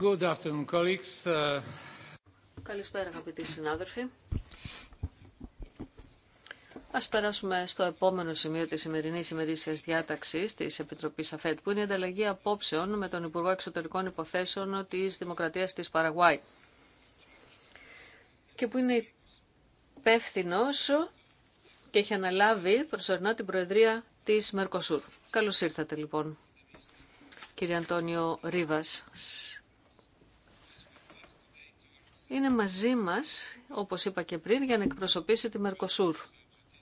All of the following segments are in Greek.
Uh, Καλησπέρα αγαπητοί συνάδελφοι. Ας περάσουμε στο επόμενο σημείο της σημερινής ημερήσιας διάταξης της Επιτροπής ΑΦΕΤ, που είναι η ανταλλαγή απόψεων με τον Υπουργό Εξωτερικών Υποθέσεων της Δημοκρατίας της Παραγουάη και που είναι υπεύθυνο και έχει αναλάβει προσωρινά την Προεδρία της Μερκοσούρ. Καλώς ήρθατε λοιπόν κύριε Αντώνιο Ρίβας είναι μαζί μας, όπως είπα και πριν, για να εκπροσωπήσει τη Μερκοσούρ,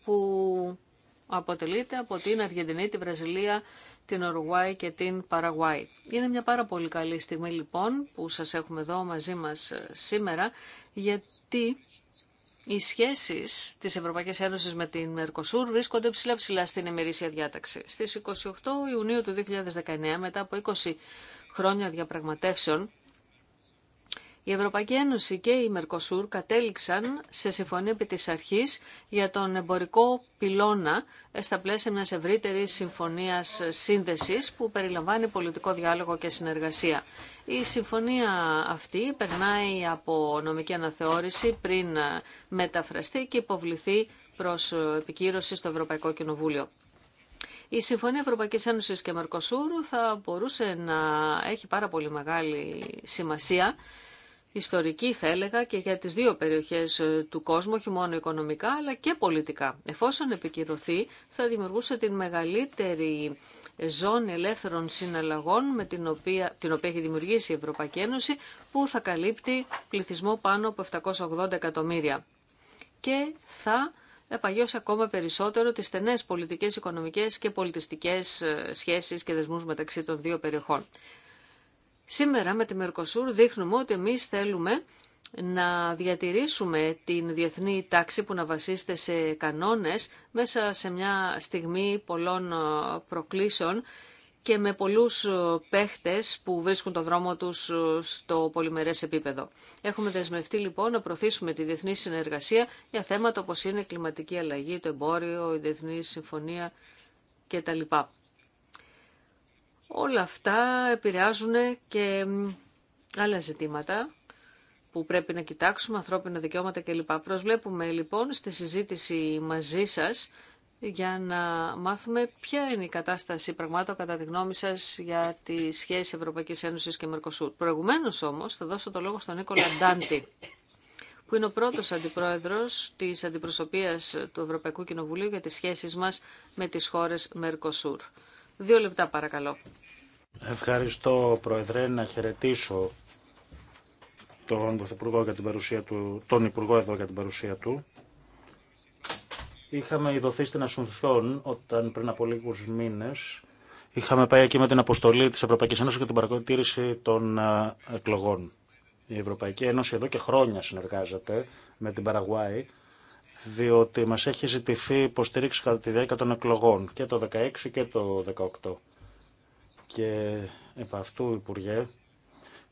που αποτελείται από την Αργεντινή, τη Βραζιλία, την Ορουάη και την Παραγουάη. Είναι μια πάρα πολύ καλή στιγμή λοιπόν που σας έχουμε εδώ μαζί μας ε, σήμερα, γιατί οι σχέσεις της Ευρωπαϊκής Ένωσης με την Μερκοσούρ βρίσκονται ψηλά ψηλά στην ημερήσια διάταξη. Στις 28 Ιουνίου του 2019, μετά από 20 χρόνια διαπραγματεύσεων, η Ευρωπαϊκή Ένωση και η Μερκοσούρ κατέληξαν σε συμφωνία επί της αρχής για τον εμπορικό πυλώνα ε, στα πλαίσια μιας ευρύτερης συμφωνίας σύνδεσης που περιλαμβάνει πολιτικό διάλογο και συνεργασία. Η συμφωνία αυτή περνάει από νομική αναθεώρηση πριν ε, μεταφραστεί και υποβληθεί προς ε, επικύρωση στο Ευρωπαϊκό Κοινοβούλιο. Η Συμφωνία Ευρωπαϊκής Ένωσης και Μερκοσούρου θα μπορούσε να έχει πάρα πολύ μεγάλη σημασία ιστορική θα έλεγα και για τις δύο περιοχές ε, του κόσμου, όχι μόνο οικονομικά αλλά και πολιτικά. Εφόσον επικυρωθεί θα δημιουργούσε την μεγαλύτερη ζώνη ελεύθερων συναλλαγών με την οποία, την οποία έχει δημιουργήσει η Ευρωπαϊκή Ένωση που θα καλύπτει πληθυσμό πάνω από 780 εκατομμύρια και θα επαγιώσει ακόμα περισσότερο τις στενές πολιτικές, οικονομικές και πολιτιστικές ε, σχέσεις και δεσμούς μεταξύ των δύο περιοχών. Σήμερα με τη Μερκοσούρ δείχνουμε ότι εμείς θέλουμε να διατηρήσουμε την διεθνή τάξη που να βασίζεται σε κανόνες μέσα σε μια στιγμή πολλών ε, προκλήσεων και με πολλούς ε, παίχτες που βρίσκουν το δρόμο τους ε, στο πολυμερές επίπεδο. Έχουμε δεσμευτεί λοιπόν να προωθήσουμε τη διεθνή συνεργασία για θέματα όπως είναι η κλιματική αλλαγή, το εμπόριο, η διεθνή συμφωνία κτλ. Όλα αυτά επηρεάζουν και άλλα ζητήματα που πρέπει να κοιτάξουμε, ανθρώπινα δικαιώματα κλπ. Προσβλέπουμε λοιπόν στη συζήτηση μαζί σας για να μάθουμε ποια είναι η κατάσταση πραγμάτων κατά τη γνώμη σα για τη σχέση Ευρωπαϊκή Ένωση και Μερκοσούρ. Προηγουμένω όμω, θα δώσω το λόγο στον Νίκολα Ντάντι που είναι ο πρώτο αντιπρόεδρο τη αντιπροσωπεία του Ευρωπαϊκού Κοινοβουλίου για τι σχέσει μα με τι χώρε Μερκοσούρ. Δύο λεπτά παρακαλώ. Ευχαριστώ, Πρόεδρε, να χαιρετήσω τον Πρωθυπουργό για την παρουσία του, τον Υπουργό εδώ για την παρουσία του. Είχαμε ειδωθεί στην Ασουνθιόν όταν πριν από λίγου μήνε είχαμε πάει εκεί με την αποστολή τη Ευρωπαϊκή Ένωση για την παρακοτήρηση των ε, εκλογών. Η Ευρωπαϊκή Ένωση εδώ και χρόνια συνεργάζεται με την Παραγουάη, διότι μας έχει ζητηθεί υποστήριξη κατά τη διάρκεια των εκλογών και το 2016 και το 2018. Και επ' αυτού, Υπουργέ,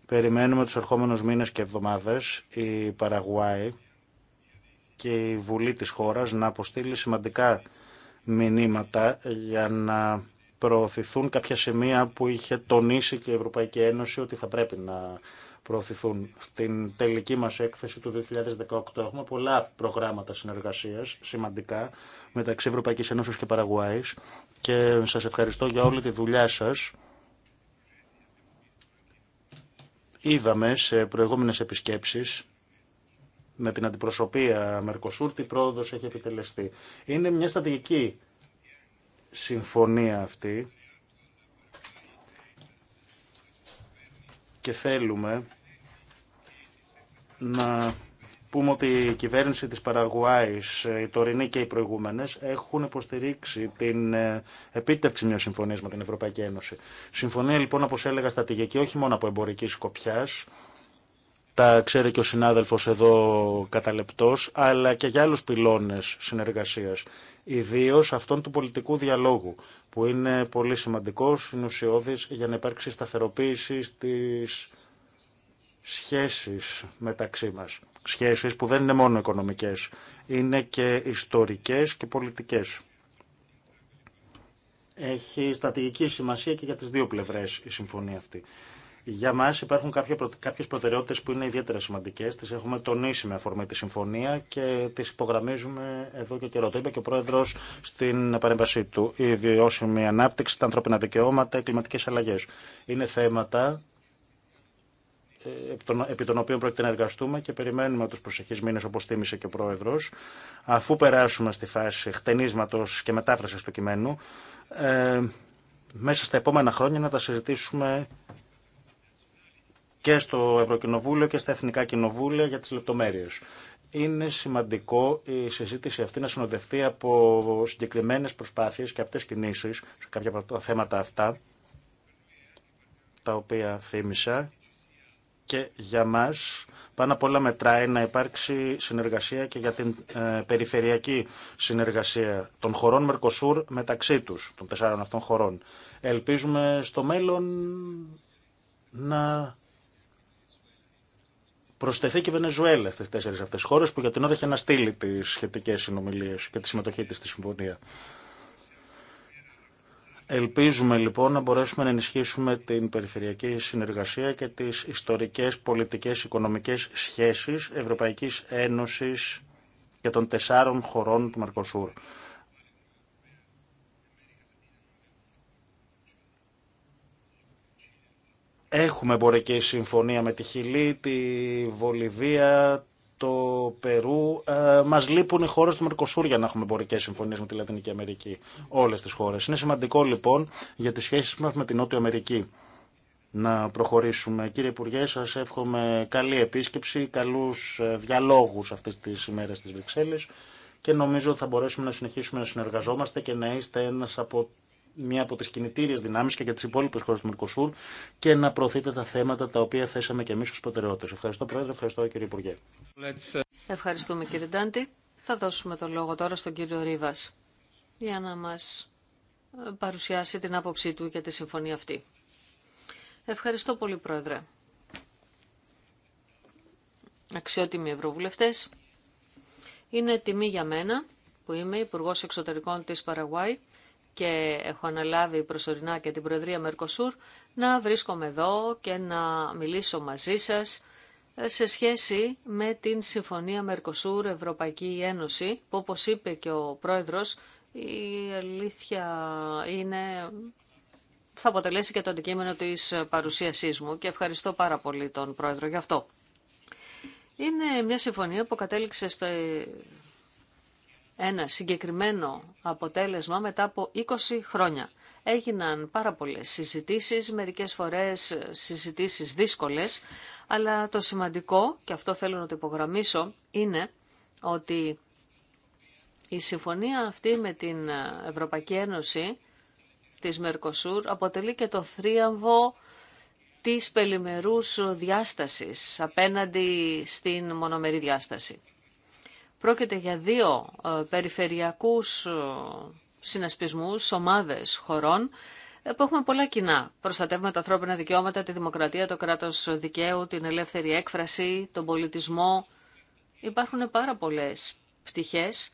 περιμένουμε τους ερχόμενους μήνες και εβδομάδες η Παραγουάη και η Βουλή της χώρας να αποστείλει σημαντικά μηνύματα για να προωθηθούν κάποια σημεία που είχε τονίσει και η Ευρωπαϊκή Ένωση ότι θα πρέπει να προωθηθούν. Στην τελική μας έκθεση του 2018 έχουμε πολλά προγράμματα συνεργασίας σημαντικά μεταξύ Ευρωπαϊκής Ένωσης και Παραγουάης και σας ευχαριστώ για όλη τη δουλειά σας Είδαμε σε προηγούμενες επισκέψεις με την αντιπροσωπεία Μερκοσούρ τι πρόοδος έχει επιτελεστεί. Είναι μια στατική συμφωνία αυτή και θέλουμε να πούμε ότι η κυβέρνηση της Παραγουάης, η τωρινή και οι προηγούμενες, έχουν υποστηρίξει την ε, επίτευξη μιας συμφωνίας με την Ευρωπαϊκή Ένωση. Συμφωνία λοιπόν, όπως έλεγα, στατηγική, όχι μόνο από εμπορική σκοπιά, τα ξέρει και ο συνάδελφος εδώ καταλεπτός, αλλά και για άλλους πυλώνες συνεργασίας, ιδίω αυτόν του πολιτικού διαλόγου, που είναι πολύ σημαντικός, συνουσιώδης, για να υπάρξει σταθεροποίηση στις σχέσεις μεταξύ μας σχέσεις που δεν είναι μόνο οικονομικές, είναι και ιστορικές και πολιτικές. Έχει στατηγική σημασία και για τις δύο πλευρές η συμφωνία αυτή. Για μα υπάρχουν κάποιε προτεραιότητε που είναι ιδιαίτερα σημαντικέ. Τι έχουμε τονίσει με αφορμή τη συμφωνία και τι υπογραμμίζουμε εδώ και καιρό. Το είπε και ο Πρόεδρο στην παρέμβασή του. Η βιώσιμη ανάπτυξη, τα ανθρώπινα δικαιώματα, οι κλιματικέ αλλαγέ. Είναι θέματα επί των οποίων πρόκειται να εργαστούμε και περιμένουμε τους προσεχείς μήνες όπως θύμισε και ο Πρόεδρος αφού περάσουμε στη φάση χτενίσματος και μετάφρασης του κειμένου ε, μέσα στα επόμενα χρόνια να τα συζητήσουμε και στο Ευρωκοινοβούλιο και στα Εθνικά Κοινοβούλια για τις λεπτομέρειες. Είναι σημαντικό η συζήτηση αυτή να συνοδευτεί από συγκεκριμένες προσπάθειες και αυτέ κινήσεις σε κάποια από τα θέματα αυτά τα οποία θύμισα και για μας πάνω απ' όλα μετράει να υπάρξει συνεργασία και για την ε, περιφερειακή συνεργασία των χωρών Μερκοσούρ μεταξύ τους, των τεσσάρων αυτών χωρών. Ελπίζουμε στο μέλλον να προσθεθεί και η Βενεζουέλα στις τέσσερις αυτές χώρες που για την ώρα έχει αναστείλει τις σχετικές συνομιλίες και τη συμμετοχή της στη συμφωνία. Ελπίζουμε λοιπόν να μπορέσουμε να ενισχύσουμε την περιφερειακή συνεργασία και τις ιστορικές, πολιτικές, οικονομικές σχέσεις Ευρωπαϊκής Ένωσης και των τεσσάρων χωρών του Μαρκοσούρ. Έχουμε εμπορική συμφωνία με τη Χιλή, τη Βολιβία, το Περού. Ε, Μα λείπουν οι χώρε του Μερκοσούρ για να έχουμε εμπορικέ συμφωνίε με τη Λατινική Αμερική. Όλε τι χώρε. Είναι σημαντικό λοιπόν για τι σχέσει μα με την Νότια Αμερική να προχωρήσουμε. Κύριε Υπουργέ, σα εύχομαι καλή επίσκεψη, καλού ε, διαλόγου αυτέ τι ημέρε τη Βρυξέλλη και νομίζω ότι θα μπορέσουμε να συνεχίσουμε να συνεργαζόμαστε και να είστε ένα από μία από τι κινητήριε δυνάμει και για τι υπόλοιπε χώρε του Μερκοσούρ και να προωθείτε τα θέματα τα οποία θέσαμε και εμεί ως προτεραιότητε. Ευχαριστώ Πρόεδρε, ευχαριστώ κύριε Υπουργέ. Uh, Ευχαριστούμε κύριε Ντάντη. Θα δώσουμε το λόγο τώρα στον κύριο Ρίβα για να μα ε, παρουσιάσει την άποψή του για τη συμφωνία αυτή. Ευχαριστώ πολύ Πρόεδρε. Αξιότιμοι Ευρωβουλευτές, είναι τιμή για μένα που είμαι Υπουργό Εξωτερικών της Παραγουάη και έχω αναλάβει προσωρινά και την Προεδρία Μερκοσούρ, να βρίσκομαι εδώ και να μιλήσω μαζί σας ε, σε σχέση με την Συμφωνία Μερκοσούρ Ευρωπαϊκή Ένωση, που όπως είπε και ο Πρόεδρος, η αλήθεια είναι θα αποτελέσει και το αντικείμενο της παρουσίασής μου και ευχαριστώ πάρα πολύ τον Πρόεδρο γι' αυτό. Είναι μια συμφωνία που κατέληξε στο ένα συγκεκριμένο αποτέλεσμα μετά από 20 χρόνια. Έγιναν πάρα πολλές συζητήσεις, μερικές φορές συζητήσεις δύσκολες, αλλά το σημαντικό, και αυτό θέλω να το υπογραμμίσω, είναι ότι η συμφωνία αυτή με την Ευρωπαϊκή Ένωση της Μερκοσούρ αποτελεί και το θρίαμβο της πελημερούς διάστασης απέναντι στην μονομερή διάσταση. Πρόκειται για δύο ε, περιφερειακούς ε, συνασπισμούς, ομάδες χωρών, ε, που έχουμε πολλά κοινά. Προστατεύουμε τα ανθρώπινα δικαιώματα, τη δημοκρατία, το κράτος δικαίου, την ελεύθερη έκφραση, τον πολιτισμό. Υπάρχουν πάρα πολλές πτυχές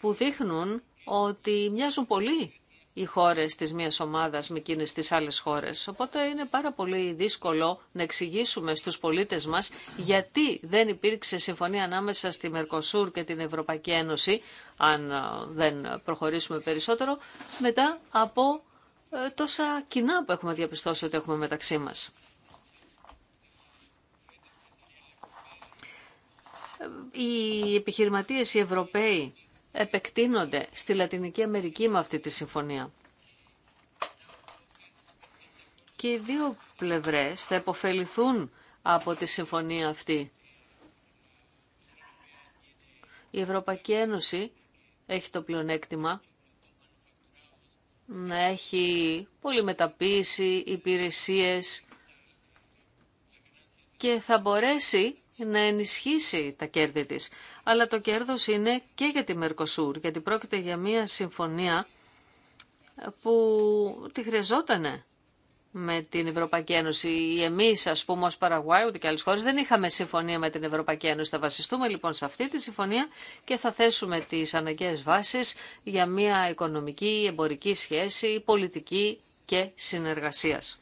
που δείχνουν ότι μοιάζουν πολύ οι χώρε της μίας ομάδας με εκείνε τι άλλε χώρες. Οπότε είναι πάρα πολύ δύσκολο να εξηγήσουμε στους πολίτες μας γιατί δεν υπήρξε συμφωνία ανάμεσα στη Μερκοσούρ και την Ευρωπαϊκή Ένωση, αν ε, δεν προχωρήσουμε περισσότερο, μετά από ε, τόσα κοινά που έχουμε διαπιστώσει ότι έχουμε μεταξύ μας. Ε, οι επιχειρηματίες, οι Ευρωπαίοι, επεκτείνονται στη Λατινική Αμερική με αυτή τη συμφωνία. Και οι δύο πλευρές θα υποφεληθούν από τη συμφωνία αυτή. Η Ευρωπαϊκή Ένωση έχει το πλεονέκτημα να έχει πολύ μεταποίηση, υπηρεσίες και θα μπορέσει να ενισχύσει τα κέρδη της. Αλλά το κέρδος είναι και για τη Μερκοσούρ, γιατί πρόκειται για μια συμφωνία που τη χρειαζότανε με την Ευρωπαϊκή Ένωση. Εμείς, ας πούμε, ως Παραγουάι, ούτε και άλλες χώρες, δεν είχαμε συμφωνία με την Ευρωπαϊκή Ένωση. Θα βασιστούμε λοιπόν σε αυτή τη συμφωνία και θα θέσουμε τις αναγκαίες βάσεις για μια οικονομική, εμπορική σχέση, πολιτική και συνεργασίας.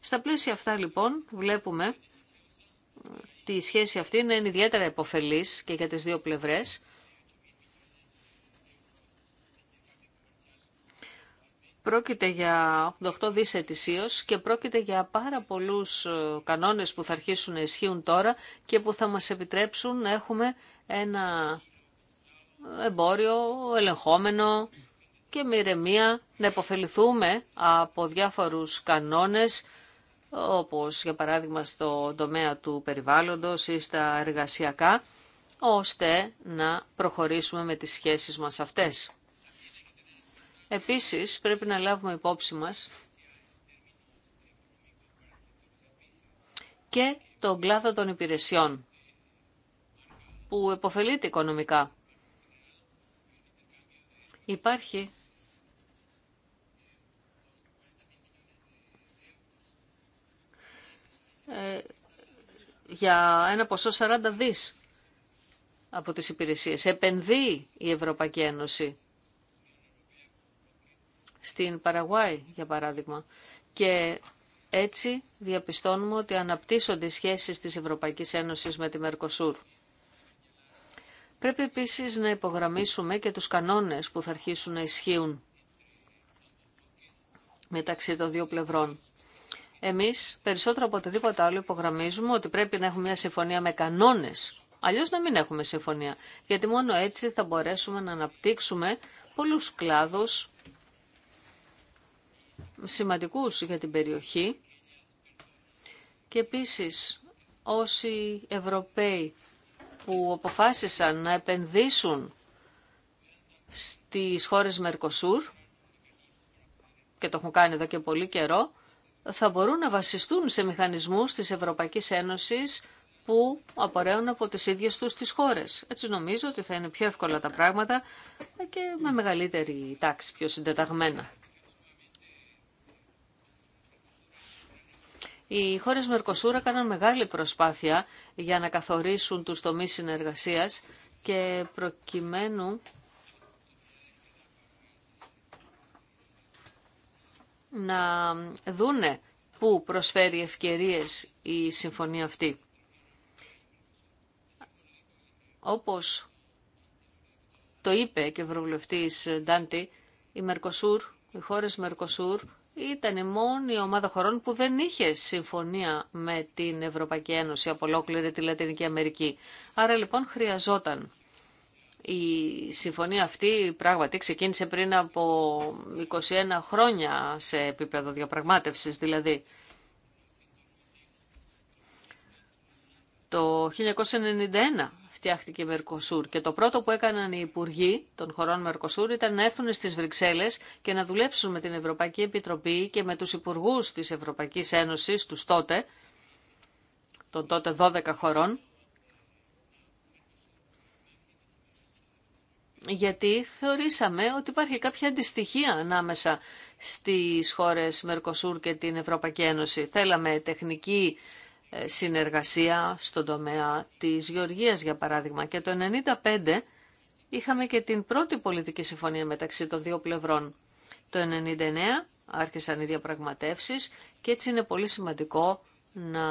Στα πλαίσια αυτά λοιπόν βλέπουμε τη σχέση αυτή είναι ιδιαίτερα υποφελής και για τις δύο πλευρές. Πρόκειται για 88 δις και πρόκειται για πάρα πολλούς ε, κανόνες που θα αρχίσουν να ισχύουν τώρα και που θα μας επιτρέψουν να έχουμε ένα εμπόριο ελεγχόμενο και με ηρεμία να υποφεληθούμε από διάφορους κανόνες όπως για παράδειγμα στο τομέα του περιβάλλοντος ή στα εργασιακά, ώστε να προχωρήσουμε με τις σχέσεις μας αυτές. Επίσης, πρέπει να λάβουμε υπόψη μας και τον κλάδο των υπηρεσιών, που επωφελείται οικονομικά. Υπάρχει Ε, για ένα ποσό 40 δις από τις υπηρεσίες. Επενδύει η Ευρωπαϊκή Ένωση στην Παραγουάη, για παράδειγμα. Και έτσι διαπιστώνουμε ότι αναπτύσσονται οι σχέσεις της Ευρωπαϊκής Ένωσης με τη Μερκοσούρ. Πρέπει επίσης να υπογραμμίσουμε και τους κανόνες που θα αρχίσουν να ισχύουν μεταξύ των δύο πλευρών. Εμείς περισσότερο από οτιδήποτε άλλο υπογραμμίζουμε ότι πρέπει να έχουμε μια συμφωνία με κανόνες. Αλλιώς να μην έχουμε συμφωνία. Γιατί μόνο έτσι θα μπορέσουμε να αναπτύξουμε πολλού κλάδους σημαντικού για την περιοχή και επίσης όσοι Ευρωπαίοι που αποφάσισαν να επενδύσουν στις χώρες Μερκοσούρ και το έχουν κάνει εδώ και πολύ καιρό, θα μπορούν να βασιστούν σε μηχανισμούς της Ευρωπαϊκής Ένωσης που απορρέουν από τις ίδιες τους τις χώρες. Έτσι νομίζω ότι θα είναι πιο εύκολα τα πράγματα και με μεγαλύτερη τάξη, πιο συντεταγμένα. Οι χώρες Μερκοσούρα κάναν μεγάλη προσπάθεια για να καθορίσουν τους τομείς συνεργασίας και προκειμένου να δούνε πού προσφέρει ευκαιρίες η συμφωνία αυτή. Όπως το είπε και ο Ευρωβουλευτής Ντάντι, η Μερκοσούρ, οι χώρες Μερκοσούρ ήταν η μόνη ομάδα χωρών που δεν είχε συμφωνία με την Ευρωπαϊκή Ένωση από ολόκληρη τη Λατινική Αμερική. Άρα λοιπόν χρειαζόταν η συμφωνία αυτή πράγματι ξεκίνησε πριν από 21 χρόνια σε επίπεδο διαπραγμάτευσης δηλαδή. Το 1991 φτιάχτηκε η Μερκοσούρ και το πρώτο που έκαναν οι υπουργοί των χωρών Μερκοσούρ ήταν να έρθουν στις Βρυξέλλες και να δουλέψουν με την Ευρωπαϊκή Επιτροπή και με τους υπουργούς της Ευρωπαϊκής Ένωσης τους τότε, των τότε 12 χωρών, γιατί θεωρήσαμε ότι υπάρχει κάποια αντιστοιχία ανάμεσα στις χώρες Μερκοσούρ και την Ευρωπαϊκή Ένωση. Θέλαμε τεχνική ε, συνεργασία στον τομέα της Γεωργίας, για παράδειγμα, και το 1995 είχαμε και την πρώτη πολιτική συμφωνία μεταξύ των δύο πλευρών. Το 1999 άρχισαν οι διαπραγματεύσεις και έτσι είναι πολύ σημαντικό να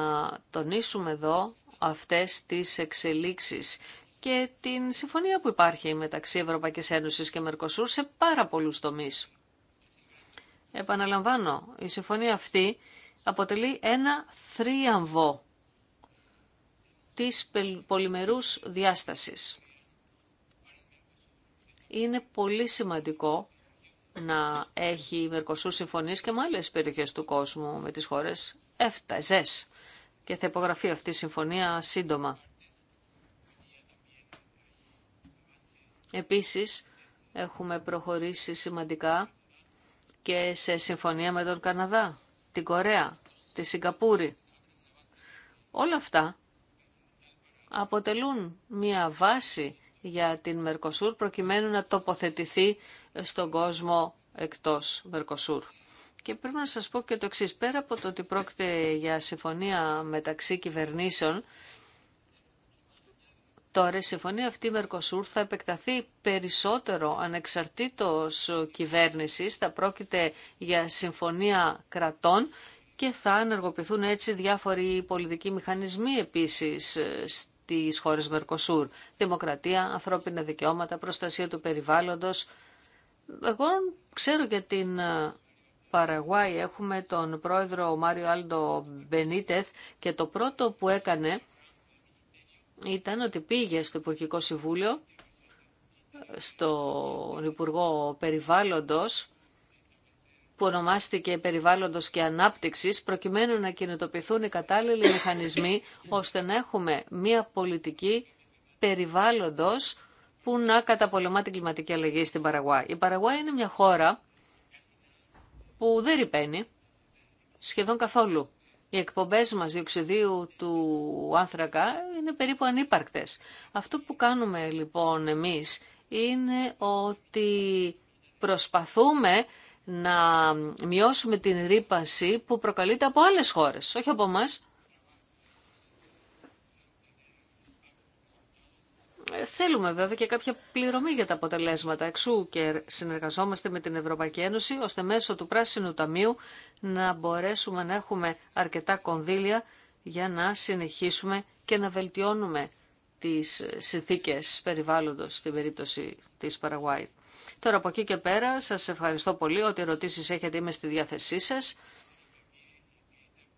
τονίσουμε εδώ αυτές τις εξελίξεις και την συμφωνία που υπάρχει μεταξύ Ευρωπαϊκής Ένωσης και Μερκοσούρ σε πάρα πολλούς τομείς. Επαναλαμβάνω, η συμφωνία αυτή αποτελεί ένα θρίαμβο της πολυμερούς διάστασης. Είναι πολύ σημαντικό να έχει η Μερκοσούρ συμφωνίες και με άλλες περιοχές του κόσμου με τις χώρες ΕΦΤΑ, και θα υπογραφεί αυτή η συμφωνία σύντομα. Επίσης, έχουμε προχωρήσει σημαντικά και σε συμφωνία με τον Καναδά, την Κορέα, τη Σιγκαπούρη. Όλα αυτά αποτελούν μία βάση για την Μερκοσούρ προκειμένου να τοποθετηθεί στον κόσμο εκτός Μερκοσούρ. Και πρέπει να σας πω και το εξής, πέρα από το ότι πρόκειται για συμφωνία μεταξύ κυβερνήσεων, Τώρα η συμφωνία αυτή Μερκοσούρ θα επεκταθεί περισσότερο ανεξαρτήτως κυβέρνησης, θα πρόκειται για συμφωνία κρατών και θα ενεργοποιηθούν έτσι διάφοροι πολιτικοί μηχανισμοί επίσης ε, στις χώρες Μερκοσούρ. Δημοκρατία, ανθρώπινα δικαιώματα, προστασία του περιβάλλοντος. Εγώ ξέρω για την ε, Παραγουάη έχουμε τον πρόεδρο Μάριο Άλντο Μπενίτεθ και το πρώτο που έκανε ήταν ότι πήγε στο Υπουργικό Συμβούλιο, στον Υπουργό Περιβάλλοντος, που ονομάστηκε Περιβάλλοντος και Ανάπτυξης, προκειμένου να κινητοποιηθούν οι κατάλληλοι μηχανισμοί, ώστε να έχουμε μία πολιτική περιβάλλοντος που να καταπολεμά την κλιματική αλλαγή στην Παραγουά. Η Παραγουά είναι μια χώρα που δεν ρηπαίνει σχεδόν καθόλου. Οι εκπομπές μας διοξιδίου του άνθρακα είναι περίπου ανύπαρκτες. Αυτό που κάνουμε λοιπόν εμείς είναι ότι προσπαθούμε να μειώσουμε την ρήπαση που προκαλείται από άλλες χώρες, όχι από μας. Θέλουμε βέβαια και κάποια πληρωμή για τα αποτελέσματα. Εξού και συνεργαζόμαστε με την Ευρωπαϊκή Ένωση, ώστε μέσω του Πράσινου Ταμείου να μπορέσουμε να έχουμε αρκετά κονδύλια για να συνεχίσουμε και να βελτιώνουμε τις συνθήκες περιβάλλοντος στην περίπτωση της Παραγουάη. Τώρα από εκεί και πέρα σας ευχαριστώ πολύ. Ό,τι ερωτήσεις έχετε είμαι στη διάθεσή σας.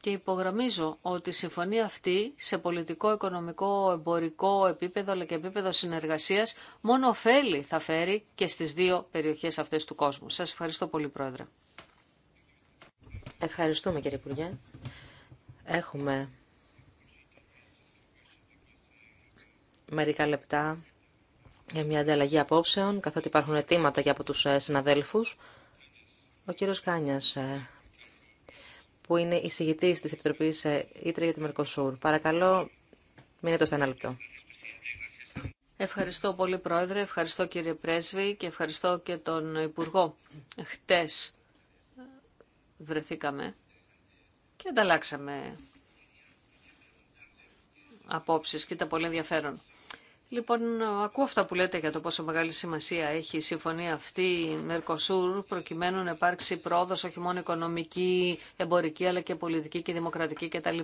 Και υπογραμμίζω ότι η συμφωνία αυτή σε πολιτικό, οικονομικό, εμπορικό επίπεδο αλλά και επίπεδο συνεργασίας μόνο ωφέλη θα φέρει και στις δύο περιοχές αυτές του κόσμου. Σας ευχαριστώ πολύ Πρόεδρε. Ευχαριστούμε κύριε Υπουργέ. Έχουμε μερικά λεπτά για μια ανταλλαγή απόψεων, καθότι υπάρχουν αιτήματα και από τους ε, συναδέλφους. Ο κύριος Κάνιας, ε, που είναι εισηγητής της Επιτροπής ε, Ήτρε για τη Μερκοσούρ. Παρακαλώ, μείνετε στο ένα λεπτό. Ευχαριστώ πολύ Πρόεδρε, ευχαριστώ κύριε Πρέσβη και ευχαριστώ και τον Υπουργό. Χτες βρεθήκαμε και ανταλλάξαμε απόψεις και ήταν πολύ ενδιαφέρον. Λοιπόν, ακούω αυτά που λέτε για το πόσο μεγάλη σημασία έχει η συμφωνία αυτή η Μερκοσούρ προκειμένου να υπάρξει πρόοδος όχι μόνο οικονομική, εμπορική αλλά και πολιτική και δημοκρατική κτλ.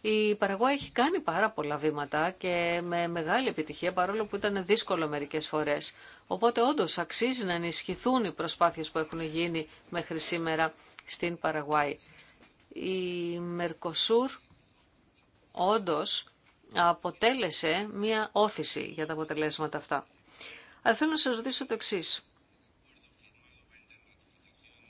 Η Παραγώ έχει κάνει πάρα πολλά βήματα και με μεγάλη επιτυχία παρόλο που ήταν δύσκολο μερικές φορές. Οπότε όντω αξίζει να ενισχυθούν οι προσπάθειες που έχουν γίνει μέχρι σήμερα στην Παραγουάη η Μερκοσούρ όντως αποτέλεσε μία όθηση για τα αποτελέσματα αυτά. Αλλά θέλω να σας ρωτήσω το εξής.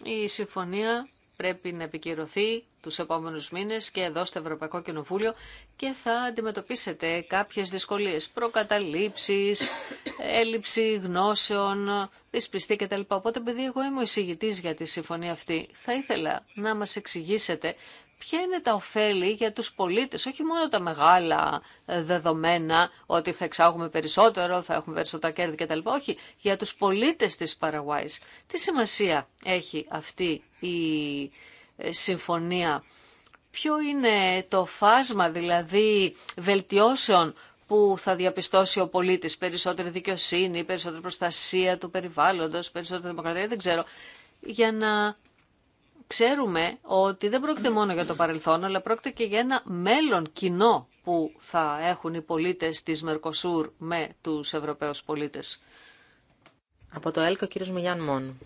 Η συμφωνία πρέπει να επικυρωθεί τους επόμενους μήνες και εδώ στο Ευρωπαϊκό Κοινοβούλιο και θα αντιμετωπίσετε κάποιες δυσκολίες, προκαταλήψεις, έλλειψη γνώσεων, δυσπιστή κτλ. Οπότε επειδή εγώ είμαι ο εισηγητής για τη συμφωνία αυτή, θα ήθελα να μας εξηγήσετε ποια είναι τα ωφέλη για τους πολίτες, όχι μόνο τα μεγάλα ε, δεδομένα ότι θα εξάγουμε περισσότερο, θα έχουμε περισσότερα κέρδη κτλ. Όχι, για τους πολίτες της Παραγουάης. Τι σημασία έχει αυτή η ε, συμφωνία, ποιο είναι το φάσμα δηλαδή βελτιώσεων που θα διαπιστώσει ο πολίτης, περισσότερη δικαιοσύνη, περισσότερη προστασία του περιβάλλοντος, περισσότερη δημοκρατία, δεν ξέρω, για να ξέρουμε ότι δεν πρόκειται μόνο για το παρελθόν, αλλά πρόκειται και για ένα μέλλον κοινό που θα έχουν οι πολίτες της Μερκοσούρ με τους Ευρωπαίους πολίτες. Από το ΕΛΚΟ, κύριος Μιγιάν Μόν.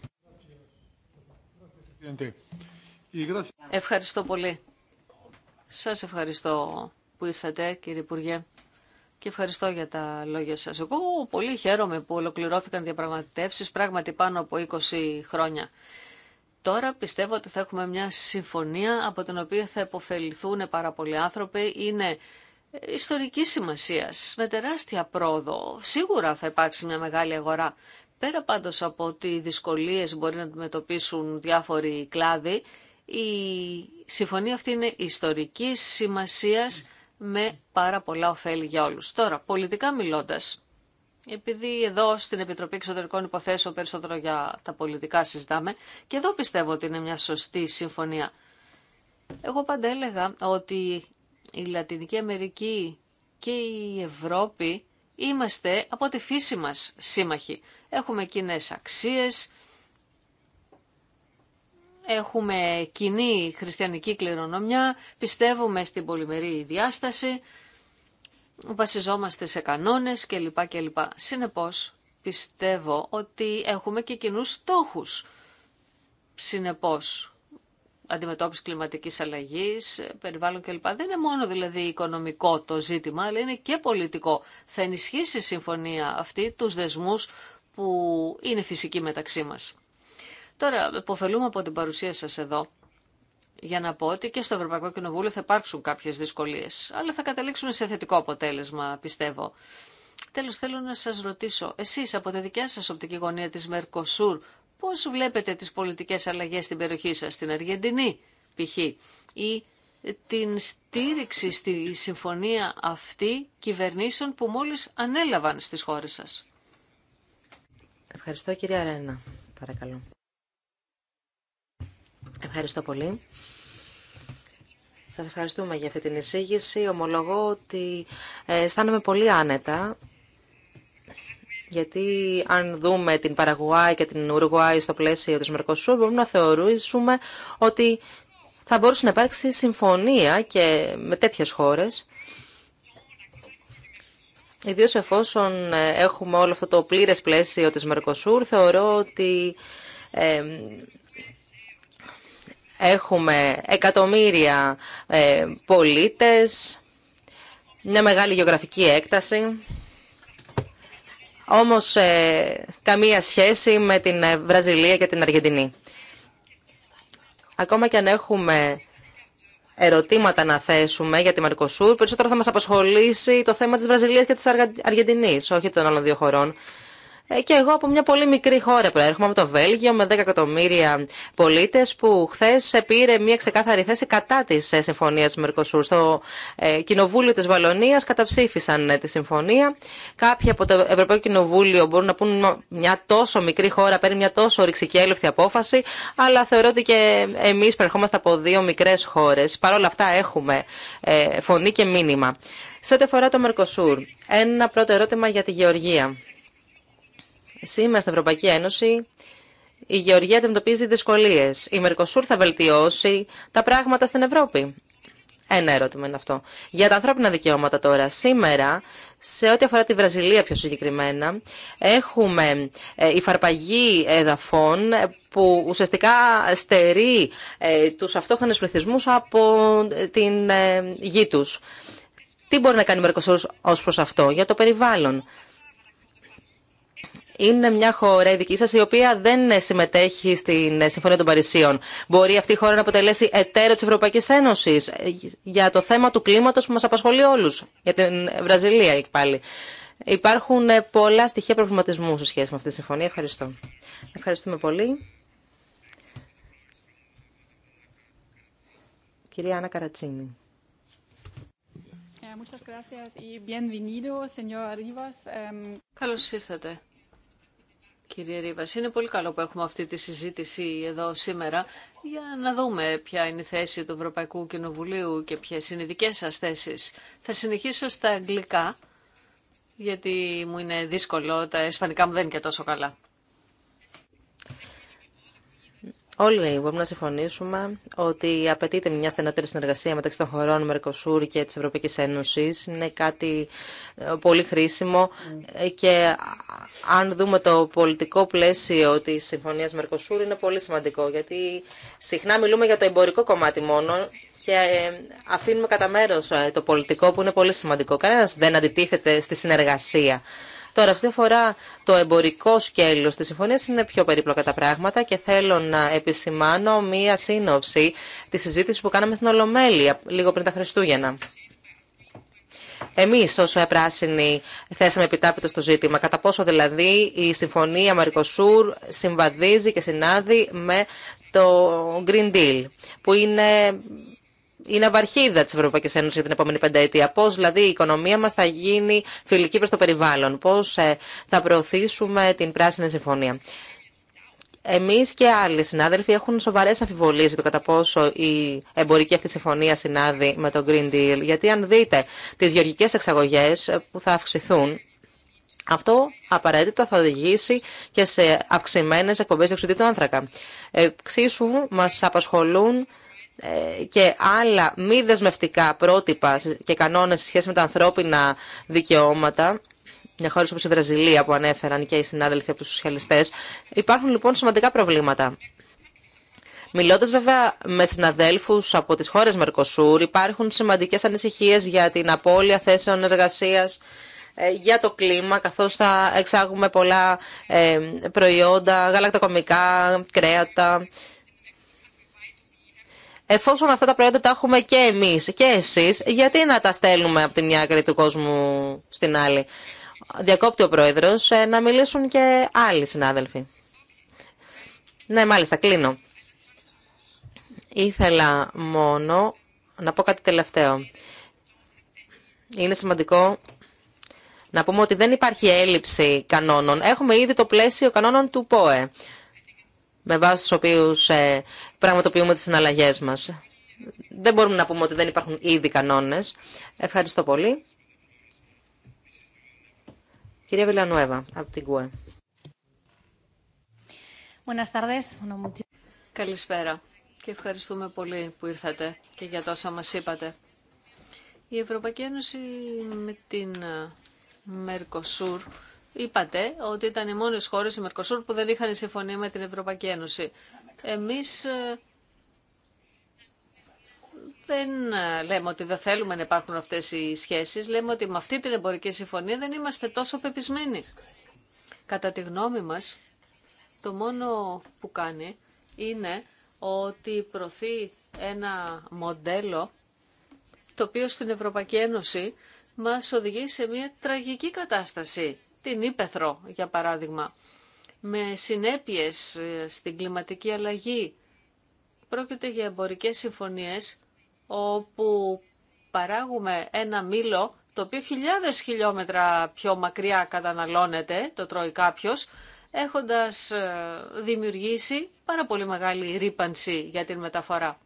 Ευχαριστώ πολύ. Σας ευχαριστώ που ήρθατε, κύριε Υπουργέ. Και ευχαριστώ για τα λόγια σας. Εγώ πολύ χαίρομαι που ολοκληρώθηκαν διαπραγματεύσεις πράγματι πάνω από 20 χρόνια. Τώρα πιστεύω ότι θα έχουμε μια συμφωνία από την οποία θα υποφεληθούν πάρα πολλοί άνθρωποι. Είναι ιστορική σημασία, με τεράστια πρόοδο. Σίγουρα θα υπάρξει μια μεγάλη αγορά. Πέρα πάντω από ότι οι δυσκολίε μπορεί να αντιμετωπίσουν διάφοροι κλάδοι, η συμφωνία αυτή είναι ιστορικής σημασίας με πάρα πολλά ωφέλη για όλου. Τώρα, πολιτικά μιλώντα επειδή εδώ στην Επιτροπή Εξωτερικών Υποθέσεων περισσότερο για τα πολιτικά συζητάμε, και εδώ πιστεύω ότι είναι μια σωστή συμφωνία. Εγώ πάντα έλεγα ότι η Λατινική Αμερική και η Ευρώπη είμαστε από τη φύση μας σύμμαχοι. Έχουμε κοινέ αξίες, έχουμε κοινή χριστιανική κληρονομιά, πιστεύουμε στην πολυμερή διάσταση βασιζόμαστε σε κανόνες κλπ. κλπ. Συνεπώς, πιστεύω ότι έχουμε και κοινούς στόχους. Συνεπώς, αντιμετώπιση κλιματικής αλλαγής, περιβάλλον κλπ. Δεν είναι μόνο δηλαδή οικονομικό το ζήτημα, αλλά είναι και πολιτικό. Θα ενισχύσει η συμφωνία αυτή τους δεσμούς που είναι φυσικοί μεταξύ μας. Τώρα, υποφελούμε από την παρουσία σας εδώ για να πω ότι και στο Ευρωπαϊκό Κοινοβούλιο θα υπάρξουν κάποιες δυσκολίες, αλλά θα καταλήξουμε σε θετικό αποτέλεσμα, πιστεύω. Τέλος, θέλω να σας ρωτήσω, εσείς από τη δικιά σας οπτική γωνία της Μερκοσούρ, πώς βλέπετε τις πολιτικές αλλαγές στην περιοχή σα, στην Αργεντινή π.χ. ή την στήριξη στη συμφωνία αυτή κυβερνήσεων που μόλις ανέλαβαν στις χώρες σας. Ευχαριστώ κυρία Ρένα, παρακαλώ. Ευχαριστώ πολύ. Σα ευχαριστούμε για αυτή την εισήγηση. Ομολογώ ότι ε, αισθάνομαι πολύ άνετα γιατί αν δούμε την Παραγουάη και την Ουρουγουάη στο πλαίσιο της Μερκοσούρ, μπορούμε να θεωρήσουμε ότι θα μπορούσε να υπάρξει συμφωνία και με τέτοιες χώρες. Ιδίως εφόσον ε, έχουμε όλο αυτό το πλήρες πλαίσιο της Μερκοσούρ, θεωρώ ότι ε, έχουμε εκατομμύρια ε, πολίτες, μια μεγάλη γεωγραφική έκταση, όμως ε, καμία σχέση με την ε, Βραζιλία και την Αργεντινή. Ακόμα και αν έχουμε ερωτήματα να θέσουμε για τη Μαρκοσούρ, περισσότερο θα μας απασχολήσει το θέμα της Βραζιλίας και της Αργεντινής, όχι των άλλων δύο χωρών. Ε, και εγώ από μια πολύ μικρή χώρα προέρχομαι, από το Βέλγιο, με 10 εκατομμύρια πολίτε, που χθε πήρε μια ξεκάθαρη θέση κατά τη ε, συμφωνία τη Μερκοσούρ. Στο ε, Κοινοβούλιο τη Βαλονία καταψήφισαν τη συμφωνία. Κάποιοι από το Ευρωπαϊκό Κοινοβούλιο μπορούν να πούν μια τόσο μικρή χώρα παίρνει μια τόσο ρηξικέλευτη απόφαση, αλλά θεωρώ ότι και εμεί προερχόμαστε από δύο μικρέ χώρε. Παρ' όλα αυτά έχουμε φωνή και μήνυμα. Σε ό,τι αφορά το Μερκοσούρ, ένα πρώτο ερώτημα για τη Γεωργία. Σήμερα στην Ευρωπαϊκή Ένωση η Γεωργία αντιμετωπίζει δυσκολίε. Η Μερκοσούρ θα βελτιώσει τα πράγματα στην Ευρώπη. Ένα ερώτημα είναι αυτό. Για τα ανθρώπινα δικαιώματα τώρα. Σήμερα, σε ό,τι αφορά τη Βραζιλία πιο συγκεκριμένα, έχουμε υφαρπαγή ε, εδαφών που ουσιαστικά στερεί ε, τους αυτόχθονες πληθυσμού από ε, την γη τους. Τι μπορεί να κάνει ο Μερκοσούρ ως προς αυτό για το περιβάλλον είναι μια χώρα, η δική σα, η οποία δεν συμμετέχει στην Συμφωνία των Παρισίων. Μπορεί αυτή η χώρα να αποτελέσει εταίρο τη Ευρωπαϊκή Ένωση για το θέμα του κλίματο που μα απασχολεί όλου, για την Βραζιλία εκεί πάλι. Υπάρχουν πολλά στοιχεία προβληματισμού σε σχέση με αυτή τη συμφωνία. Ευχαριστώ. Ευχαριστούμε πολύ. Κυρία Άννα Καρατσίνη. Ε, ε, Καλώς ήρθατε. Κύριε Ρίβας, είναι πολύ καλό που έχουμε αυτή τη συζήτηση εδώ σήμερα για να δούμε ποια είναι η θέση του Ευρωπαϊκού Κοινοβουλίου και ποιες είναι οι δικές σας θέσεις. Θα συνεχίσω στα αγγλικά, γιατί μου είναι δύσκολο, τα ισπανικά μου δεν είναι και τόσο καλά. Όλοι μπορούμε να συμφωνήσουμε ότι απαιτείται μια στενότερη συνεργασία μεταξύ των χωρών Μερκοσούρ και της Ευρωπαϊκής Ένωσης. Είναι κάτι ε, πολύ χρήσιμο ε, και αν δούμε το πολιτικό πλαίσιο της Συμφωνίας Μερκοσούρ είναι πολύ σημαντικό γιατί συχνά μιλούμε για το εμπορικό κομμάτι μόνο και ε, αφήνουμε κατά μέρο το πολιτικό που είναι πολύ σημαντικό. Κανένα δεν αντιτίθεται στη συνεργασία Τώρα, σε ό,τι αφορά το εμπορικό σκέλο τη συμφωνία, είναι πιο περίπλοκα τα πράγματα και θέλω να επισημάνω μία σύνοψη τη συζήτηση που κάναμε στην Ολομέλεια λίγο πριν τα Χριστούγεννα. Εμεί, όσο έπρασινοι, θέσαμε επιτάπητο στο ζήτημα. Κατά πόσο δηλαδή η συμφωνία Μαρικοσούρ συμβαδίζει και συνάδει με το Green Deal, που είναι είναι απαρχίδα τη Ευρωπαϊκή Ένωση για την επόμενη πενταετία. Πώ δηλαδή η οικονομία μα θα γίνει φιλική προ το περιβάλλον. Πώς ε, θα προωθήσουμε την Πράσινη Συμφωνία. Εμεί και άλλοι συνάδελφοι έχουν σοβαρέ αμφιβολίες για το κατά πόσο η εμπορική αυτή συμφωνία συνάδει με το Green Deal. Γιατί αν δείτε τι γεωργικές εξαγωγέ που θα αυξηθούν, αυτό απαραίτητα θα οδηγήσει και σε αυξημένε εκπομπέ διοξιδίου του άνθρακα. Ε, εξίσου μα απασχολούν ε, και άλλα μη δεσμευτικά πρότυπα και κανόνες σε σχέση με τα ανθρώπινα δικαιώματα για χώρα όπως η Βραζιλία που ανέφεραν και οι συνάδελφοι από τους σοσιαλιστές, υπάρχουν λοιπόν σημαντικά προβλήματα. Μιλώντας βέβαια με συναδέλφους από τις χώρες Μερκοσούρ, υπάρχουν σημαντικές ανησυχίες για την απώλεια θέσεων εργασίας, ε, για το κλίμα, καθώς θα εξάγουμε πολλά ε, προϊόντα, γαλακτοκομικά, κρέατα εφόσον αυτά τα προϊόντα τα έχουμε και εμείς και εσείς, γιατί να τα στέλνουμε από τη μια άκρη του κόσμου στην άλλη. Διακόπτει ο Πρόεδρος ε, να μιλήσουν και άλλοι συνάδελφοι. Ναι, μάλιστα, κλείνω. Ήθελα μόνο να πω κάτι τελευταίο. Είναι σημαντικό να πούμε ότι δεν υπάρχει έλλειψη κανόνων. Έχουμε ήδη το πλαίσιο κανόνων του ΠΟΕ με βάση οποίου οποίους ε, πραγματοποιούμε τι συναλλαγέ μα. Δεν μπορούμε να πούμε ότι δεν υπάρχουν ήδη κανόνε. Ευχαριστώ πολύ. Κυρία Βιλανουέβα, από την ΚΟΕ. Καλησπέρα και ευχαριστούμε πολύ που ήρθατε και για τόσα μας είπατε. Η Ευρωπαϊκή Ένωση με την Μερκοσούρ είπατε ότι ήταν οι μόνες χώρες, οι Μερκοσούρ, που δεν είχαν συμφωνία με την Ευρωπαϊκή Ένωση. Εμείς ε, δεν ε, λέμε ότι δεν θέλουμε να υπάρχουν αυτές οι σχέσεις, λέμε ότι με αυτή την εμπορική συμφωνία δεν είμαστε τόσο πεπισμένοι. Κατά τη γνώμη μας, το μόνο που κάνει είναι ότι προωθεί ένα μοντέλο το οποίο στην Ευρωπαϊκή Ένωση μας οδηγεί σε μια τραγική κατάσταση την Ήπεθρο, για παράδειγμα, με συνέπειες ε, στην κλιματική αλλαγή. Πρόκειται για εμπορικές συμφωνίες όπου παράγουμε ένα μήλο το οποίο χιλιάδες χιλιόμετρα πιο μακριά καταναλώνεται, το τρώει κάποιος, έχοντας ε, δημιουργήσει πάρα πολύ μεγάλη ρήπανση για την μεταφορά.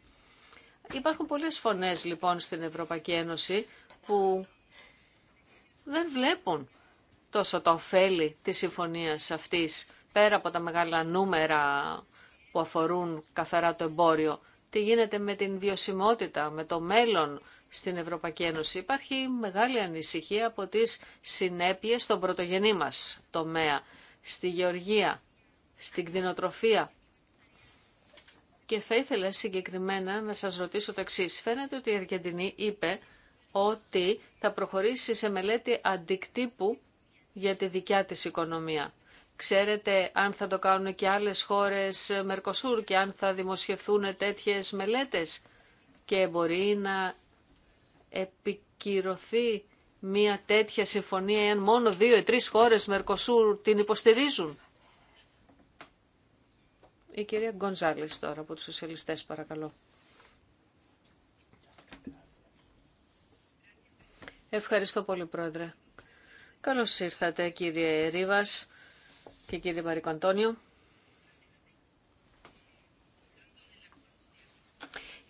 Υπάρχουν πολλές φωνές λοιπόν στην Ευρωπαϊκή Ένωση που δεν βλέπουν τόσο το ωφέλη της συμφωνίας αυτής, πέρα από τα μεγάλα νούμερα που αφορούν καθαρά το εμπόριο, τι γίνεται με την βιωσιμότητα, με το μέλλον στην Ευρωπαϊκή Ένωση. Υπάρχει μεγάλη ανησυχία από τις συνέπειες στον πρωτογενή μας τομέα, στη γεωργία, στην κτηνοτροφία. Και θα ήθελα συγκεκριμένα να σας ρωτήσω το εξή. Φαίνεται ότι η Αργεντινή είπε ότι θα προχωρήσει σε μελέτη αντικτύπου για τη δικιά της οικονομία. Ξέρετε αν θα το κάνουν και άλλες χώρες ε, Μερκοσούρ και αν θα δημοσιευθούν τέτοιες μελέτες και μπορεί να επικυρωθεί μια τέτοια συμφωνία εάν μόνο δύο ή τρεις χώρες Μερκοσούρ την υποστηρίζουν. Η κυρία Γκονζάλης τώρα από τους σοσιαλιστές παρακαλώ. Ευχαριστώ πολύ πρόεδρε. Καλώς ήρθατε κύριε Ρίβας και κύριε Μαρικοαντώνιο.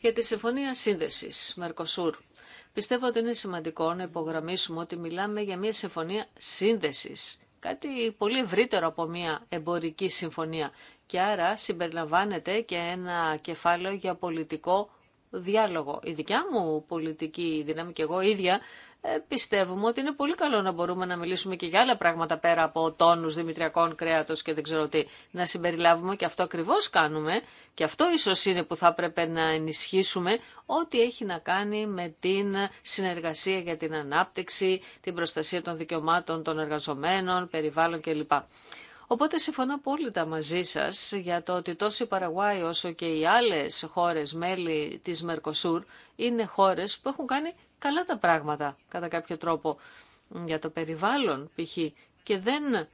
Για τη Συμφωνία Σύνδεσης, Μερκοσούρ. Πιστεύω ότι είναι σημαντικό να υπογραμμίσουμε ότι μιλάμε για μια συμφωνία σύνδεσης. Κάτι πολύ ευρύτερο από μια εμπορική συμφωνία. Και άρα συμπεριλαμβάνεται και ένα κεφάλαιο για πολιτικό διάλογο. Η δικιά μου πολιτική δύναμη και εγώ ίδια ε, πιστεύουμε ότι είναι πολύ καλό να μπορούμε να μιλήσουμε και για άλλα πράγματα πέρα από τόνους δημητριακών κρέατος και δεν ξέρω τι. Να συμπεριλάβουμε και αυτό ακριβώς κάνουμε και αυτό ίσως είναι που θα έπρεπε να ενισχύσουμε ό,τι έχει να κάνει με την συνεργασία για την ανάπτυξη, την προστασία των δικαιωμάτων των εργαζομένων, περιβάλλον κλπ. Οπότε συμφωνώ απόλυτα μαζί σας για το ότι τόσο η Παραγουάη όσο και οι άλλες χώρες μέλη της Μερκοσούρ είναι χώρες που έχουν κάνει καλά τα πράγματα κατά κάποιο τρόπο για το περιβάλλον π.χ. και δεν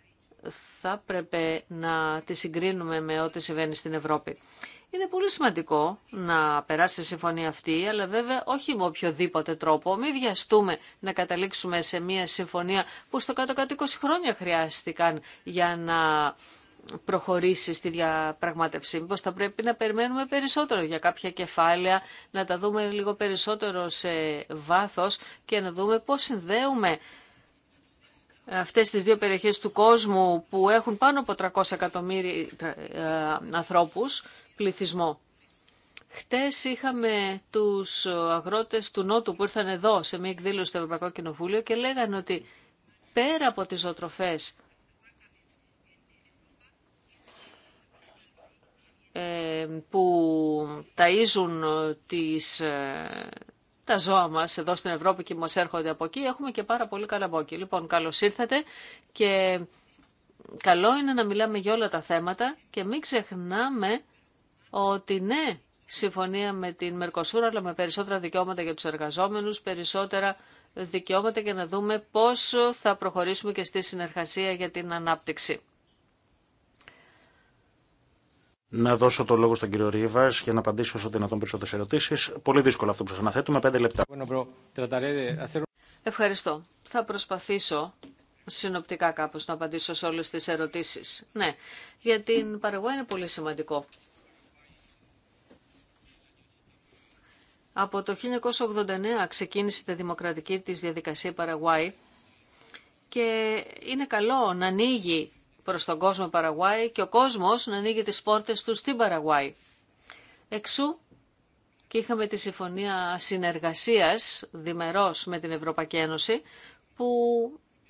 θα πρέπει να τη συγκρίνουμε με ό,τι συμβαίνει στην Ευρώπη. Είναι πολύ σημαντικό να περάσει η συμφωνία αυτή, αλλά βέβαια όχι με οποιοδήποτε τρόπο. Μην βιαστούμε να καταλήξουμε σε μια συμφωνία που στο κάτω-κάτω 20 χρόνια χρειάστηκαν για να προχωρήσει στη διαπραγμάτευση. Μήπως θα πρέπει να περιμένουμε περισσότερο για κάποια κεφάλαια, να τα δούμε λίγο περισσότερο σε βάθος και να δούμε πώς συνδέουμε αυτές τις δύο περιοχές του κόσμου που έχουν πάνω από 300 εκατομμύρια ε, ανθρώπους πληθυσμό. Χτες είχαμε τους αγρότες του Νότου που ήρθαν εδώ σε μια εκδήλωση στο Ευρωπαϊκό Κοινοβούλιο και λέγανε ότι πέρα από τις ζωοτροφές ε, που ταΐζουν τις, ε, τα ζώα μας εδώ στην Ευρώπη και μας έρχονται από εκεί, έχουμε και πάρα πολύ καλαμπόκι. Λοιπόν, καλώς ήρθατε και καλό είναι να μιλάμε για όλα τα θέματα και μην ξεχνάμε ότι ναι, συμφωνία με την Μερκοσούρα, αλλά με περισσότερα δικαιώματα για τους εργαζόμενους, περισσότερα δικαιώματα για να δούμε πώς θα προχωρήσουμε και στη συνεργασία για την ανάπτυξη. Να δώσω το λόγο στον κύριο Ρίβα για να απαντήσω όσο δυνατόν περισσότερε ερωτήσει. Πολύ δύσκολο αυτό που σα αναθέτουμε. Πέντε λεπτά. Ευχαριστώ. Θα προσπαθήσω συνοπτικά κάπως να απαντήσω σε όλες τις ερωτήσεις. Ναι, για την Παραγωγή είναι πολύ σημαντικό Από το 1989 ξεκίνησε τη δημοκρατική της διαδικασία Παραγουάη και είναι καλό να ανοίγει προς τον κόσμο Παραγουάη και ο κόσμος να ανοίγει τις πόρτες του στην Παραγουάη. Εξού και είχαμε τη συμφωνία συνεργασίας διμερός με την Ευρωπαϊκή Ένωση που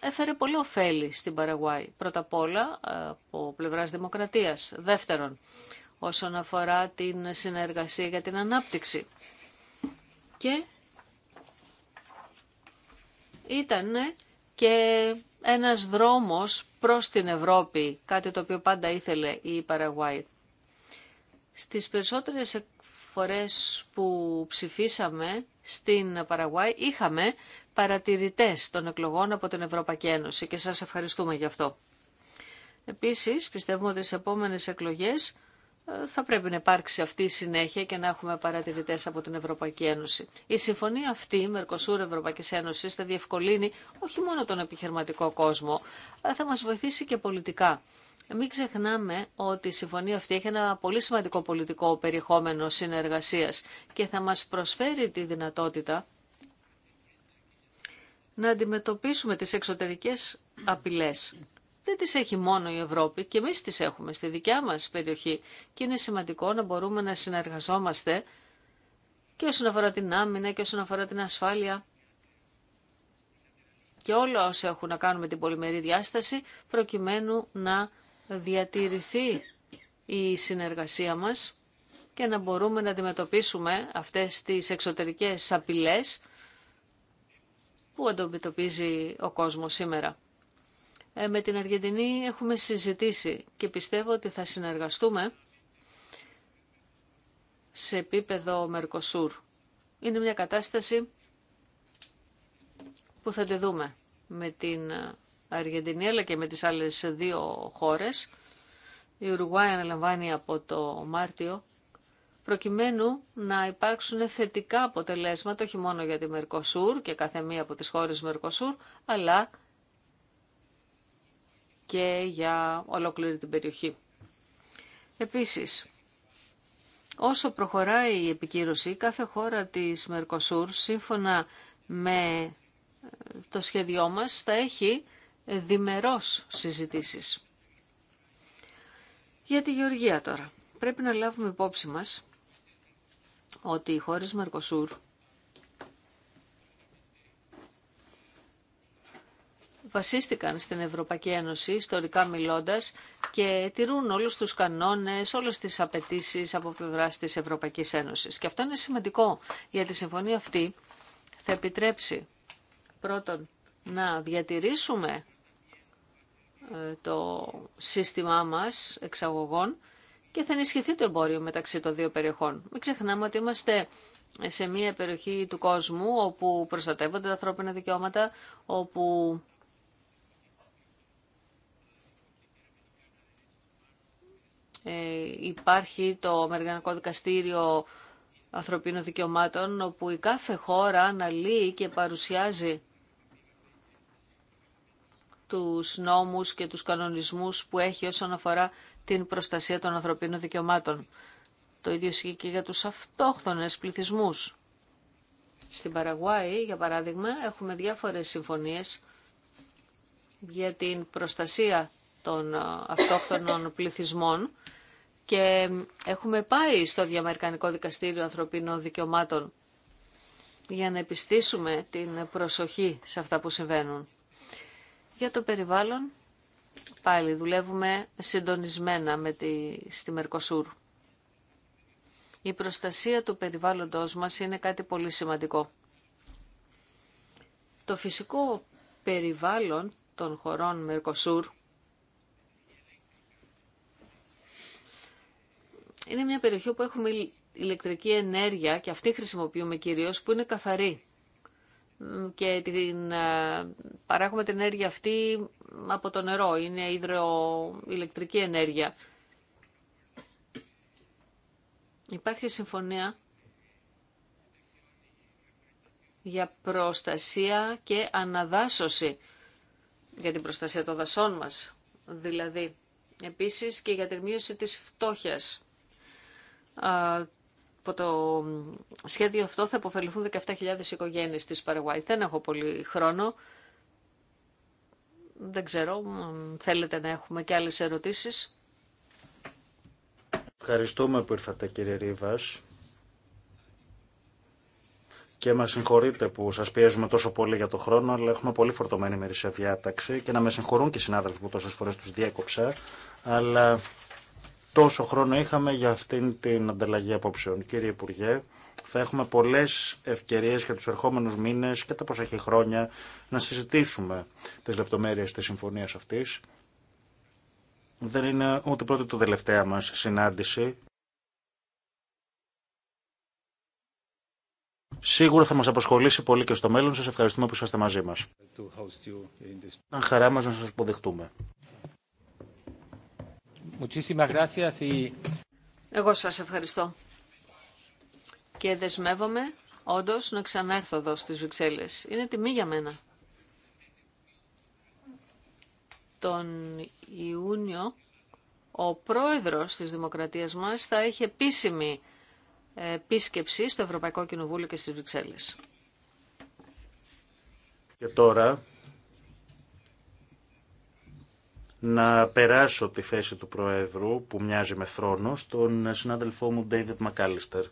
έφερε πολύ ωφέλη στην Παραγουάη. Πρώτα απ' όλα ε, από πλευράς δημοκρατίας. Δεύτερον, όσον αφορά την συνεργασία για την ανάπτυξη και ήταν και ένας δρόμος προς την Ευρώπη, κάτι το οποίο πάντα ήθελε η Παραγουάη. Στις περισσότερες φορές που ψηφίσαμε στην Παραγουάη είχαμε παρατηρητές των εκλογών από την Ευρωπαϊκή Ένωση και σας ευχαριστούμε γι' αυτό. Επίσης, πιστεύουμε ότι στις επόμενες εκλογές θα πρέπει να υπάρξει αυτή η συνέχεια και να έχουμε παρατηρητές από την Ευρωπαϊκή Ένωση. Η συμφωνία αυτή, Μερκοσούρ Ευρωπαϊκή Ένωση, θα διευκολύνει όχι μόνο τον επιχειρηματικό κόσμο, αλλά ε, θα μας βοηθήσει και πολιτικά. Μην ξεχνάμε ότι η συμφωνία αυτή έχει ένα πολύ σημαντικό πολιτικό περιεχόμενο συνεργασίας και θα μας προσφέρει τη δυνατότητα να αντιμετωπίσουμε τις εξωτερικές απειλές δεν τις έχει μόνο η Ευρώπη και εμείς τις έχουμε στη δικιά μας περιοχή και είναι σημαντικό να μπορούμε να συνεργαζόμαστε και όσον αφορά την άμυνα και όσον αφορά την ασφάλεια και όλα όσα έχουν να κάνουν με την πολυμερή διάσταση προκειμένου να διατηρηθεί η συνεργασία μας και να μπορούμε να αντιμετωπίσουμε αυτές τις εξωτερικές απειλές που αντιμετωπίζει ο κόσμος σήμερα. Ε, με την Αργεντινή έχουμε συζητήσει και πιστεύω ότι θα συνεργαστούμε σε επίπεδο Μερκοσούρ. Είναι μια κατάσταση που θα τη δούμε με την Αργεντινή αλλά και με τις άλλες δύο χώρες. Η Ουρουγουάη αναλαμβάνει από το Μάρτιο προκειμένου να υπάρξουν θετικά αποτελέσματα όχι μόνο για τη Μερκοσούρ και κάθε μία από τις χώρες Μερκοσούρ αλλά και για ολόκληρη την περιοχή. Επίσης, όσο προχωράει η επικύρωση, κάθε χώρα της Μερκοσούρ, σύμφωνα με ε, το σχέδιό μας, θα έχει διμερός συζητήσεις. Για τη Γεωργία τώρα. Πρέπει να λάβουμε υπόψη μας ότι οι χώρες Μερκοσούρ βασίστηκαν στην Ευρωπαϊκή Ένωση, ιστορικά μιλώντας, και τηρούν όλους τους κανόνες, όλες τις απαιτήσει από πλευρά της Ευρωπαϊκής Ένωσης. Και αυτό είναι σημαντικό, γιατί η συμφωνία αυτή θα επιτρέψει πρώτον να διατηρήσουμε ε, το σύστημά μας εξαγωγών και θα ενισχυθεί το εμπόριο μεταξύ των δύο περιοχών. Μην ξεχνάμε ότι είμαστε σε μια περιοχή του κόσμου όπου προστατεύονται τα ανθρώπινα δικαιώματα, όπου Ε, υπάρχει το Αμερικανικό Δικαστήριο Ανθρωπίνων Δικαιωμάτων, όπου η κάθε χώρα αναλύει και παρουσιάζει τους νόμους και τους κανονισμούς που έχει όσον αφορά την προστασία των ανθρωπίνων δικαιωμάτων. Το ίδιο ισχύει και για τους αυτόχθονες πληθυσμούς. Στην Παραγουάη, για παράδειγμα, έχουμε διάφορες συμφωνίες για την προστασία των ε, αυτόχθονων πληθυσμών και έχουμε πάει στο Διαμερικανικό Δικαστήριο Ανθρωπίνων Δικαιωμάτων για να επιστήσουμε την προσοχή σε αυτά που συμβαίνουν. Για το περιβάλλον, πάλι δουλεύουμε συντονισμένα με τη, στη Μερκοσούρ. Η προστασία του περιβάλλοντος μας είναι κάτι πολύ σημαντικό. Το φυσικό περιβάλλον των χωρών Μερκοσούρ είναι μια περιοχή όπου έχουμε ηλεκτρική ενέργεια και αυτή χρησιμοποιούμε κυρίως που είναι καθαρή και την, ε, παράγουμε την ενέργεια αυτή από το νερό, είναι υδροηλεκτρική ενέργεια. Υπάρχει συμφωνία για προστασία και αναδάσωση για την προστασία των δασών μας, δηλαδή επίσης και για τη μείωση της φτώχειας από το σχέδιο αυτό θα αποφεληθούν 17.000 οικογένειες της Παραγουάης. Δεν έχω πολύ χρόνο. Δεν ξέρω, θέλετε να έχουμε και άλλες ερωτήσεις. Ευχαριστούμε που ήρθατε κύριε Ρίβας και μας συγχωρείτε που σας πιέζουμε τόσο πολύ για το χρόνο, αλλά έχουμε πολύ φορτωμένη μερισσία διάταξη και να με συγχωρούν και οι συνάδελφοι που τόσες φορές τους διέκοψα, αλλά τόσο χρόνο είχαμε για αυτήν την ανταλλαγή απόψεων. Κύριε Υπουργέ, θα έχουμε πολλές ευκαιρίες για τους ερχόμενους μήνες και τα προσεχή χρόνια να συζητήσουμε τις λεπτομέρειες της συμφωνίας αυτής. Δεν είναι ούτε πρώτη το τελευταία μα συνάντηση. Σίγουρα θα μας απασχολήσει πολύ και στο μέλλον. Σας ευχαριστούμε που είσαστε μαζί μας. Αν χαρά μας να σας αποδεχτούμε. Εγώ σας ευχαριστώ. Και δεσμεύομαι όντω να ξανάρθω εδώ στις Βρυξέλλες. Είναι τιμή για μένα. Τον Ιούνιο ο πρόεδρος της Δημοκρατίας μας θα έχει επίσημη επίσκεψη στο Ευρωπαϊκό Κοινοβούλιο και στις Βρυξέλλες. Και τώρα να περάσω τη θέση του Προέδρου που μοιάζει με θρόνο στον συνάδελφό μου David McAllister.